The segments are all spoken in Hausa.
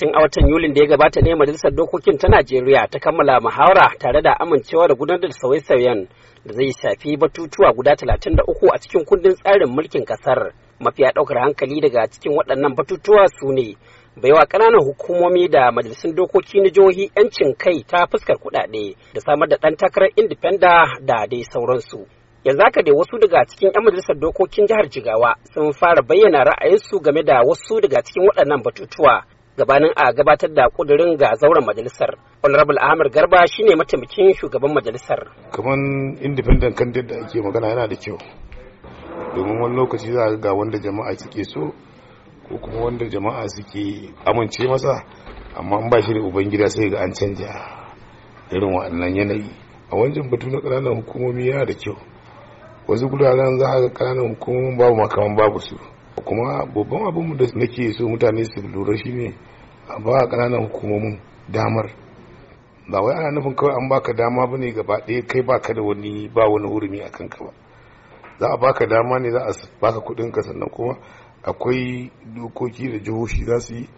tun a watan yulin da ya gabata ne majalisar dokokin ta najeriya ta kammala muhawara tare da amincewa da gudanar da sauye-sauyen da zai shafi batutuwa guda 33 a cikin kundin tsarin mulkin kasar mafiya ɗaukar hankali daga cikin waɗannan batutuwa su ne baiwa ƙananan hukumomi da majalisun dokoki na jihohi 'yancin kai ta fuskar kuɗaɗe da samar da ɗan takarar indifenda da dai sauransu yanzu haka dai wasu daga cikin 'yan majalisar dokokin jihar jigawa sun fara bayyana ra'ayinsu game da wasu daga cikin waɗannan batutuwa gabanin a gabatar da kudurin ga zauren majalisar honorable ahmad garba shine mataimakin shugaban majalisar kamar independent candidate da ake magana yana da kyau domin wani lokaci za ga wanda jama'a suke so ko kuma wanda jama'a suke amince masa amma an ba shi da ubangida sai ga an canja irin wa'annan yanayi a wancan batu na ƙananan hukumomi yana da kyau wasu gudanar za a ga ƙananan hukumomin babu makaman babu su kuma babban abin da nake so mutane su lura shine a ba kananan hukumomin damar ba wai ana nufin kawai an baka dama bane gaba ɗaya kai baka da wani ba wani hurumi a kanka ba za a baka dama ne za a baka kuɗin ka sannan kuma akwai dokoki da jihohi za su yi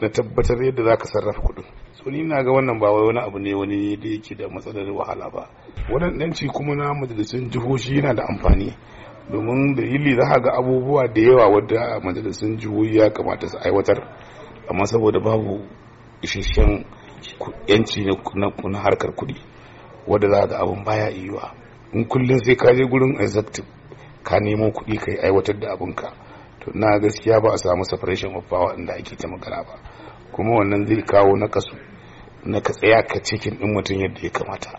na tabbatar yadda za ka sarrafa kuɗin so na ga wannan ba wani abu ne wani da yake da matsalar wahala ba waɗannan ci kuma na majalisun jihohi yana da amfani domin dalili za ga abubuwa da yawa wadda majalisun jihohi ya kamata su aiwatar amma saboda babu isasshen yanci na harkar kuɗi wadda za ga abun baya yiwa in kullum sai ka je gurin executive ka nemo kuɗi ka yi aiwatar da abinka to na gaskiya ba a samu separation of power inda ake ta magana ba kuma wannan zai kawo na kasu na ka tsaya ka cikin din mutum yadda ya kamata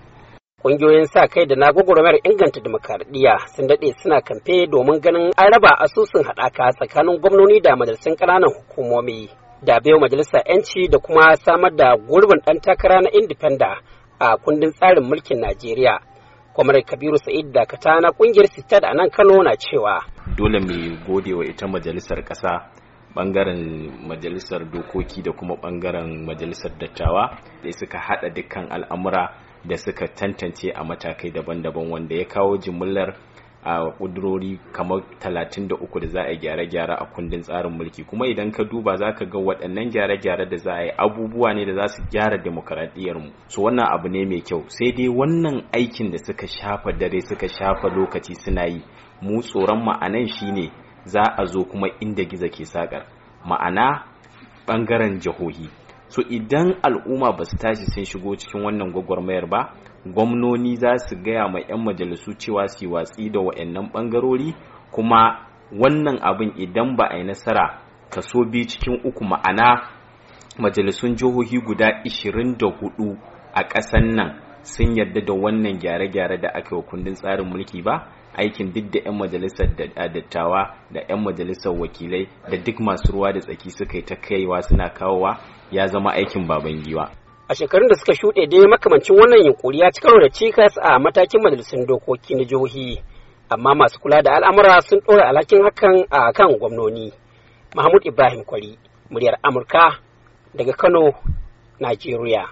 Ƙungiyoyin sa kai da na gwagwarmayar inganta dimokuraɗiyya sun daɗe suna kamfe domin ganin an raba asusun haɗaka tsakanin gwamnoni da majalisun ƙananan hukumomi. Da biyo majalisa 'yanci da kuma samar da gurbin ɗan takara na indifenda a kundin tsarin mulkin Najeriya. Kwamar Kabiru Sa'id Dakata na ƙungiyar Sitad a nan Kano na cewa. Dole mu gode wa ita majalisar ƙasa bangaren majalisar dokoki da kuma bangaren majalisar dattawa da suka haɗa dukkan al'amura da suka tantance a matakai daban-daban wanda ya kawo jimillar a kudurori kamar 33 da za a gyare-gyare a kundin tsarin mulki kuma idan ka duba za ka ga waɗannan gyare-gyare da za a yi abubuwa ne da za su gyara mu su wannan abu ne mai kyau sai dai wannan aikin da suka shafa dare suka shafa lokaci suna yi mu tsoron ma'anan shi ne za a zo kuma inda gizo ke sakar ma'ana ɓangaren jihohi so idan al'umma ba su tashi sun shigo cikin wannan gwagwarmayar ba gwamnoni za su gaya ma 'yan majalisu cewa su yi watsi da wa'annan bangarori kuma wannan abin idan ba a yi nasara kaso biyu cikin uku ma'ana majalisun jihohi guda 24 a ƙasan nan sun yarda da wannan gyare-gyare da aka yi kundin tsarin mulki ba aikin duk da 'yan majalisar dattawa da 'yan majalisar wakilai da duk masu ruwa da tsaki suka yi ta kaiwa suna kawowa ya zama aikin baban giwa a shekarun da suka shuɗe dai makamancin wannan yunkuri ya ci karo da cikas a matakin majalisun dokoki na jihohi amma masu kula da al'amura sun ɗora alhakin hakan a kan gwamnoni mahmud ibrahim kwari muryar amurka daga kano najeriya